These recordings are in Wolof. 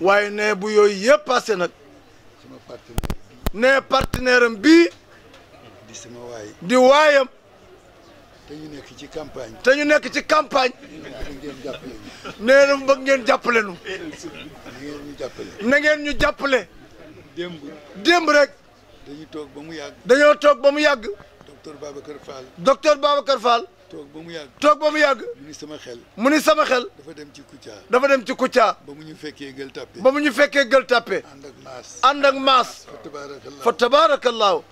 waaye ne bu yooyu yëpp passé nag ne partenaire am bii di sama waay waayam te ñu nekk ci campagne te ñu nekk ci campagne nee na bëgg ngeen jàppale nu na ngeen ñu jàppale démb démb rek dañu toog ba mu yàgg dañoo toog ba mu yàgg docteur Babacar Fall. toog ba mu yàgg. ba mu ni sama xel. mu ni sama xel. dafa dem ci Kouthia. dafa dem ci Kouthia. ba mu ñu fekkee gël tàppe. ba ñu fekkee gël tàppe. ànd ak maas. ànd ak maas. fa tabaarakallaahu fa tabaarakallaahu.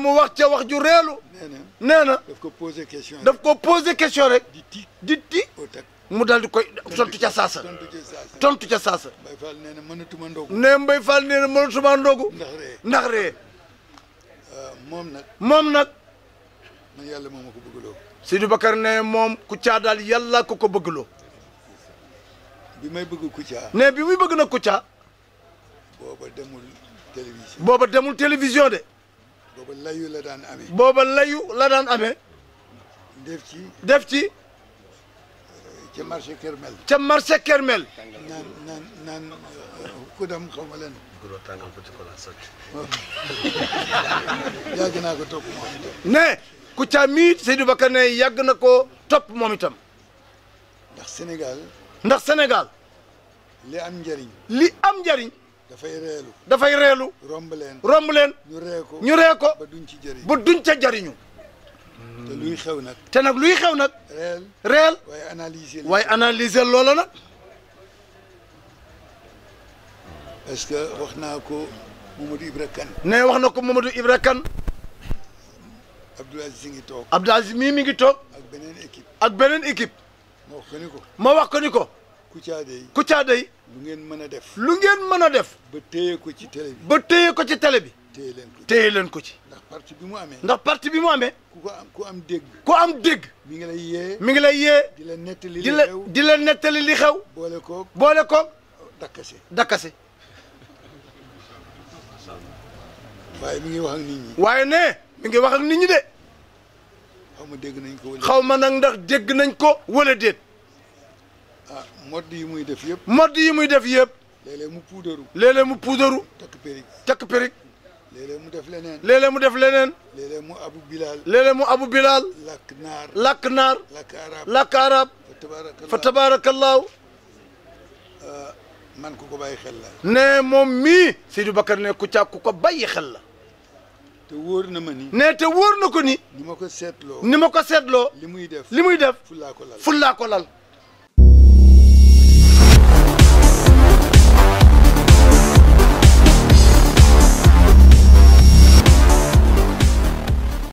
mu wax ca wax ju reelu. nee na nee daf ko posé question rek. daf ko posé question rek. di mu daal di koy tontu ca saasa. tontu ca tontu ca saasa. Mbaye Fall nee na mënatuma ndogu. nee Mbaye Fall nee na mënatuma ndogu. ndax ree ndax ree. moom nag moom nag man yàlla moom ma ko bëggloo Sidou Bakar ne moom Kouthia daal ko ko bëggloo bi may bëgg Kouthia ne bi muy bëgg na Kouthia booba demul télévision demul télévision de booba layu la daan amee booba layu la daan amee def ci def ci ca marché Kermel. ca marché Kermel. naan naan naan ku dem xaw ma leen. guddoon tàngal yàgg naa ko topp moom itam. ne ku caa mii Seydou Bakar ne na ko topp moom itam. ndax Sénégal. ndax senegal li am njëriñ. li am njariñ dafay reelu. dafay reelu. romb leen romb leen. ñu ree ko ñu ree ko. ba duñ ci jëriñ ba duñ ca jëriñu. te luy xew nag. te nag luy xew nag. réel réel. waaye analyser waaye analyser loola nag. parce que wax naa ko Mamadou Ibra Kane. nee wax na ko Mamadou Ibra kan Abdoul Aziz mi ngi toog. Abdoul Aziz mi mi ngi toog. ak beneen équipe. ak beneen équipe. ma wax ko ni ko. ma wax ko ni ko. Kouthia Dey. Kouthia Dey. lu ngeen mën a def. lu ngeen mën a def. ba téye ko ci télé ba téye ko ci télé bi. téye leen ko ci leen ko ci. ndax parti bi mu amee. ndax parti bi mu amee. ku ko am ku am dégg. ku am dégg. mi ngi lay yee. mi ngi lay yee. di la nettali li xew di la nettali li xew. boole koog boole koog. dakkase dakkase. waaye mi ngi wax ak ñi. waaye ne mi ngi wax ak nit ñi de. xaw ma dégg nañ ko wala. xaw ma nag ndax dégg nañ ko wala déet. ah modd yi muy def yëpp. modd yi muy def yëpp. léeg mu puudaru. léeg mu puudaru. takk périg takk périg. léeg-léeg mu def leneen. léeg-léeg mu def leneen. léeg-léeg mu abu bilal. léeg-léeg mu abu bilal. lakk naar lakk naar. lakk arab lakk arab. fa tabaarakallaahu man ku ko bàyyi xel la. ne moom mii. Seydou Bakar ne ku caa ku ko bàyyi xel la. te wóor na ma ni. ne te wóor na ko ni. ni ma ko seetloo. ni ma ko seetloo. li muy def li muy def. fullaa ko lal fullaa ko lal.